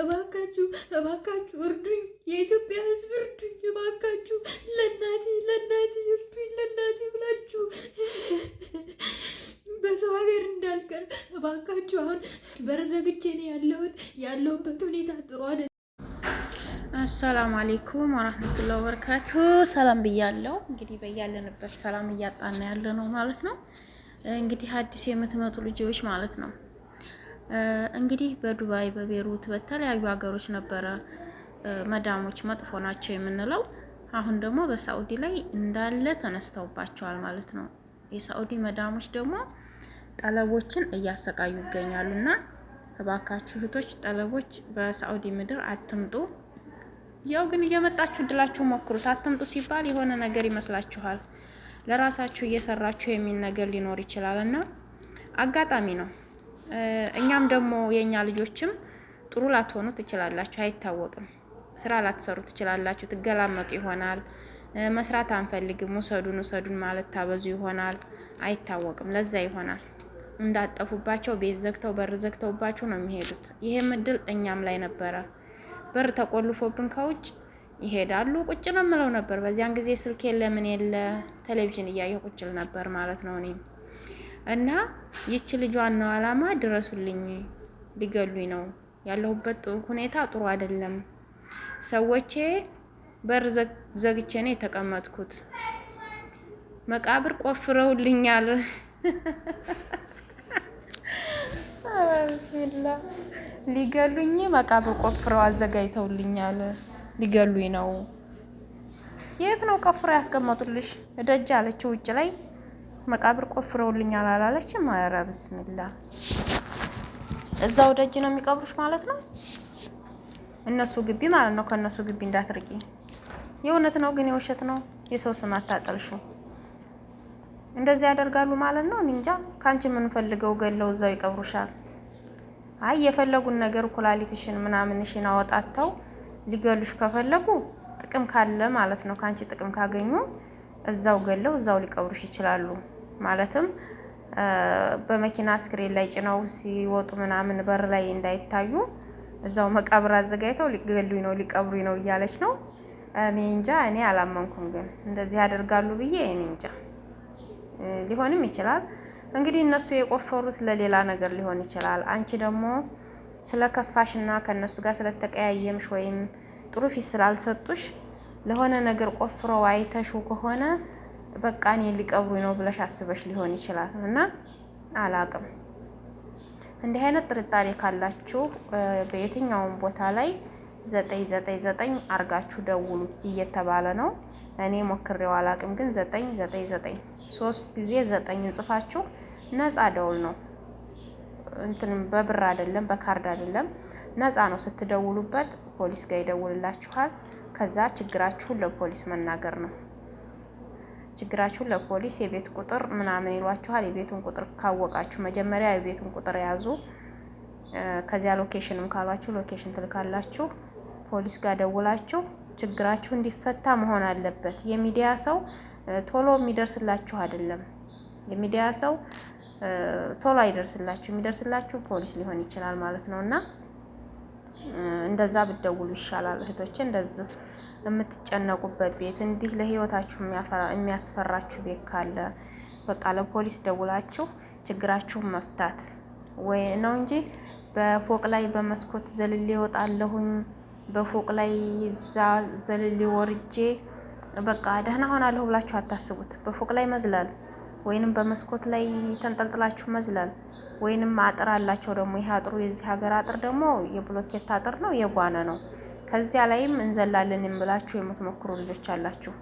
እባካችሁ እባካችሁ እርዱኝ፣ የኢትዮጵያ ሕዝብ እርዱኝ፣ እባካችሁ ለእናቴ ለእናቴ እርዱኝ፣ ለእናቴ ብላችሁ በሰው ሀገር እንዳልቀር እባካችሁ። አሁን በረዘግቼ ነው ያለሁት። ያለሁበት ሁኔታ ጥሩ አለ። አሰላሙ አሌይኩም ወበረካቱ። ሰላም ብያለው። እንግዲህ በያለንበት ሰላም እያጣና ያለ ነው ማለት ነው። እንግዲህ አዲስ የምትመጡ ልጆች ማለት ነው እንግዲህ በዱባይ በቤሩት በተለያዩ ሀገሮች ነበረ መዳሞች መጥፎ ናቸው የምንለው። አሁን ደግሞ በሳኡዲ ላይ እንዳለ ተነስተውባቸዋል ማለት ነው። የሳኡዲ መዳሞች ደግሞ ጠለቦችን እያሰቃዩ ይገኛሉ። እና እባካችሁ እህቶች ጠለቦች በሳኡዲ ምድር አትምጡ። ያው ግን እየመጣችሁ ድላችሁ ሞክሩት። አትምጡ ሲባል የሆነ ነገር ይመስላችኋል። ለራሳችሁ እየሰራችሁ የሚል ነገር ሊኖር ይችላል እና አጋጣሚ ነው እኛም ደግሞ የእኛ ልጆችም ጥሩ ላትሆኑ ትችላላችሁ፣ አይታወቅም። ስራ ላትሰሩ ትችላላችሁ፣ ትገላመጡ ይሆናል። መስራት አንፈልግም፣ ውሰዱን ውሰዱን ማለት ታበዙ ይሆናል፣ አይታወቅም። ለዛ ይሆናል እንዳጠፉባቸው ቤት ዘግተው በር ዘግተውባቸው ነው የሚሄዱት። ይሄም እድል እኛም ላይ ነበረ። በር ተቆልፎብን ከውጭ ይሄዳሉ። ቁጭ ነው የምለው ነበር። በዚያን ጊዜ ስልክ የለ ምን የለ ቴሌቪዥን እያየሁ ቁጭል ነበር ማለት ነው እኔም እና ይቺ ልጅ ነው አላማ ድረሱልኝ፣ ሊገሉኝ ነው፣ ያለሁበት ሁኔታ ጥሩ አይደለም፣ ሰዎቼ በር ዘግቼ ነው የተቀመጥኩት፣ መቃብር ቆፍረውልኛል። ብስሚላ ሊገሉኝ መቃብር ቆፍረው አዘጋጅተውልኛል፣ ሊገሉኝ ነው። የት ነው ቆፍረው ያስቀመጡልሽ? እደጅ አለችው ውጭ ላይ መቃብር ቆፍረውልኛል አላለችም? ኧረ ብስሚላ እዛው ደጅ ነው የሚቀብሩሽ ማለት ነው? እነሱ ግቢ ማለት ነው። ከእነሱ ግቢ እንዳትርቂ። የእውነት ነው ግን የውሸት ነው። የሰው ስም አታጠልሹ። እንደዚህ ያደርጋሉ ማለት ነው። እንጃ ከአንቺ የምንፈልገው ገለው እዛው ይቀብሩሻል። አይ የፈለጉን ነገር ኩላሊትሽን ምናምንሽን አወጣተው ሊገሉሽ ከፈለጉ ጥቅም ካለ ማለት ነው። ከአንቺ ጥቅም ካገኙ እዛው ገለው እዛው ሊቀብሩሽ ይችላሉ። ማለትም በመኪና ስክሪን ላይ ጭነው ሲወጡ ምናምን በር ላይ እንዳይታዩ እዛው መቃብር አዘጋጅተው ሊገሉኝ ነው ሊቀብሩኝ ነው እያለች ነው። እኔ እንጃ፣ እኔ አላመንኩም። ግን እንደዚህ ያደርጋሉ ብዬ እኔ እንጃ። ሊሆንም ይችላል እንግዲህ እነሱ የቆፈሩት ለሌላ ነገር ሊሆን ይችላል። አንቺ ደግሞ ስለከፋሽና ከእነሱ ጋር ስለተቀያየምሽ ወይም ጥሩ ፊት ስላልሰጡሽ ለሆነ ነገር ቆፍረው አይተሹ ከሆነ በቃ እኔ ሊቀብሩኝ ነው ብለሽ አስበሽ ሊሆን ይችላል እና አላቅም። እንዲህ አይነት ጥርጣሬ ካላችሁ በየትኛውም ቦታ ላይ ዘጠኝ ዘጠኝ ዘጠኝ አርጋችሁ ደውሉ እየተባለ ነው። እኔ ሞክሬው አላቅም፣ ግን ዘጠኝ ዘጠኝ ዘጠኝ ሶስት ጊዜ ዘጠኝ እንጽፋችሁ ነፃ ደውል ነው እንትንም በብር አይደለም በካርድ አይደለም ነፃ ነው። ስትደውሉበት ፖሊስ ጋር ይደውልላችኋል። ከዛ ችግራችሁን ለፖሊስ መናገር ነው። ችግራችሁን ለፖሊስ የቤት ቁጥር ምናምን ይሏችኋል። የቤቱን ቁጥር ካወቃችሁ መጀመሪያ የቤቱን ቁጥር ያዙ። ከዚያ ሎኬሽንም ካሏችሁ ሎኬሽን ትልካላችሁ። ፖሊስ ጋር ደውላችሁ ችግራችሁ እንዲፈታ መሆን አለበት። የሚዲያ ሰው ቶሎ የሚደርስላችሁ አይደለም። የሚዲያ ሰው ቶሎ አይደርስላችሁ፣ የሚደርስላችሁ ፖሊስ ሊሆን ይችላል ማለት ነው እና እንደዛ ብደውሉ ይሻላል እህቶች። እንደዚህ የምትጨነቁበት ቤት እንዲህ ለህይወታችሁ የሚያስፈራችሁ ቤት ካለ በቃ ለፖሊስ ደውላችሁ ችግራችሁን መፍታት ወይ ነው እንጂ በፎቅ ላይ በመስኮት ዘልሌ እወጣለሁኝ፣ በፎቅ ላይ ይዛ ዘልሌ ወርጄ በቃ ደህና ሆናለሁ ብላችሁ አታስቡት። በፎቅ ላይ መዝለል ወይንም በመስኮት ላይ ተንጠልጥላችሁ መዝለል ወይንም አጥር አላቸው ደግሞ ይሄ አጥሩ የዚህ ሀገር አጥር ደግሞ የብሎኬት አጥር ነው፣ የጓነ ነው። ከዚያ ላይም እንዘላለን ብላችሁ የምትሞክሩ ልጆች አላችሁ።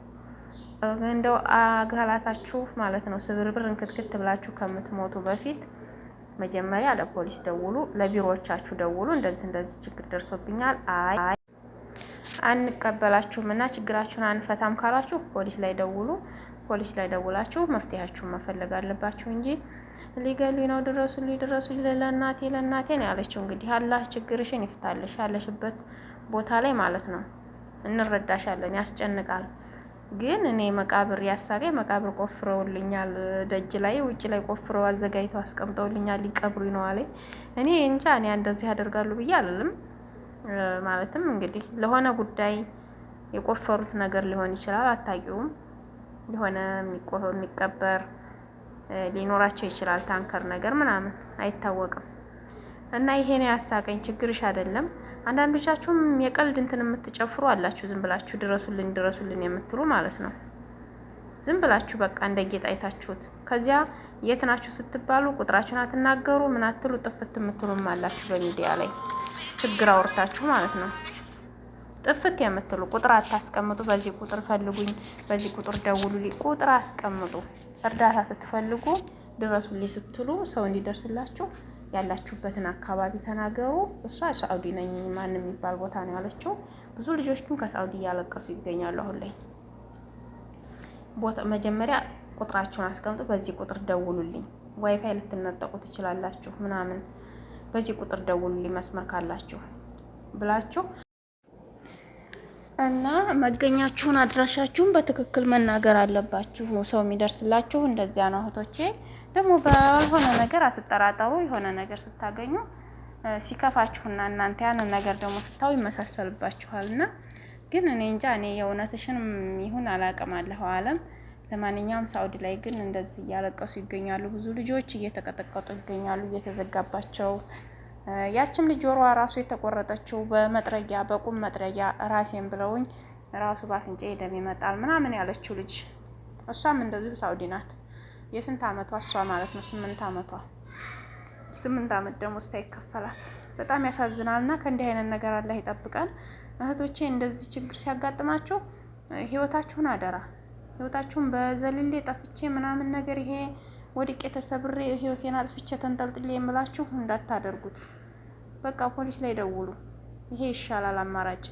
እንደው አካላታችሁ ማለት ነው ስብርብር እንክትክት ብላችሁ ከምትሞቱ በፊት መጀመሪያ ለፖሊስ ደውሉ፣ ለቢሮዎቻችሁ ደውሉ። እንደዚህ እንደዚህ ችግር ደርሶብኛል፣ አይ አንቀበላችሁም እና ችግራችሁን አንፈታም ካላችሁ ፖሊስ ላይ ደውሉ። ፖሊስ ላይ ደውላችሁ መፍትሄያችሁን መፈለግ አለባችሁ እንጂ ሊገሉኝ ነው ድረሱልኝ፣ ድረሱልኝ ለእናቴ ለእናቴ ነው ያለችው። እንግዲህ አላህ ችግርሽን ይፍታልሽ ያለሽበት ቦታ ላይ ማለት ነው። እንረዳሻለን። ያስጨንቃል ግን እኔ መቃብር ያሳሬ መቃብር ቆፍረውልኛል፣ ደጅ ላይ ውጭ ላይ ቆፍረው አዘጋጅተው አስቀምጠውልኛል፣ ሊቀብሩ ነው አለ። እኔ እንጃ እኔ እንደዚህ ያደርጋሉ ብዬ አልልም። ማለትም እንግዲህ ለሆነ ጉዳይ የቆፈሩት ነገር ሊሆን ይችላል፣ አታውቂውም የሆነ የሚቀበር ሊኖራቸው ይችላል ታንከር ነገር ምናምን አይታወቅም። እና ይሄን ያሳቀኝ ችግርሽ አይደለም። አንዳንዶቻችሁም የቀልድ እንትን የምትጨፍሩ አላችሁ፣ ዝም ብላችሁ ድረሱልኝ ድረሱልኝ የምትሉ ማለት ነው። ዝም ብላችሁ በቃ እንደ ጌጥ አይታችሁት፣ ከዚያ የት ናችሁ ስትባሉ ቁጥራችሁን አትናገሩ ምን አትሉ፣ ጥፍት የምትሉም አላችሁ በሚዲያ ላይ ችግር አውርታችሁ ማለት ነው። ጥፍት የምትሉ ቁጥር አታስቀምጡ። በዚህ ቁጥር ፈልጉኝ፣ በዚህ ቁጥር ደውሉልኝ፣ ቁጥር አስቀምጡ። እርዳታ ስትፈልጉ ድረሱልኝ ስትሉ ሰው እንዲደርስላችሁ ያላችሁበትን አካባቢ ተናገሩ። እሷ ሳዑዲ ነኝ ማን የሚባል ቦታ ነው ያለችው። ብዙ ልጆች ግን ከሳዑዲ እያለቀሱ ይገኛሉ አሁን ላይ። መጀመሪያ ቁጥራችሁን አስቀምጡ። በዚህ ቁጥር ደውሉልኝ፣ ዋይፋይ ልትነጠቁ ትችላላችሁ ምናምን፣ በዚህ ቁጥር ደውሉልኝ መስመር ካላችሁ ብላችሁ እና መገኛችሁን አድራሻችሁን በትክክል መናገር አለባችሁ። ሰው የሚደርስላችሁ እንደዚያ ነው። እህቶቼ ደግሞ በሆነ ነገር አትጠራጠሩ። የሆነ ነገር ስታገኙ ሲከፋችሁና እናንተ ያን ነገር ደግሞ ስታው ይመሳሰልባችኋል። እና ግን እኔ እንጃ እኔ የእውነትሽን ይሁን አላቅም አለሁ አለም። ለማንኛውም ሳውዲ ላይ ግን እንደዚህ እያለቀሱ ይገኛሉ። ብዙ ልጆች እየተቀጠቀጡ ይገኛሉ፣ እየተዘጋባቸው ያችም ልጅ ጆሮዋ ራሱ የተቆረጠችው በመጥረጊያ በቁም መጥረጊያ ራሴን ብለውኝ ራሱ ባፍንጬ ደም ይመጣል ምናምን ያለችው ልጅ እሷም እንደዚሁ ሳውዲ ናት። የስንት አመቷ እሷ ማለት ነው? ስምንት አመቷ። ስምንት አመት ደሞዝ ይከፈላት። በጣም ያሳዝናል። እና ከእንዲህ አይነት ነገር አላህ ይጠብቀን። እህቶቼ እንደዚህ ችግር ሲያጋጥማችሁ ህይወታችሁን አደራ ህይወታችሁን በዘልሌ ጠፍቼ ምናምን ነገር ይሄ ወድቄ ተሰብሬ ህይወቴን አጥፍቼ ተንጠልጥሌ የምላችሁ እንዳታደርጉት። በቃ ፖሊስ ላይ ደውሉ። ይሄ ይሻላል አማራጭ።